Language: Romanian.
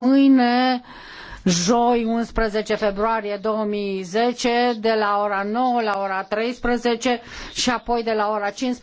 mâine, joi 11 februarie 2010, de la ora 9 la ora 13 și apoi de la ora 15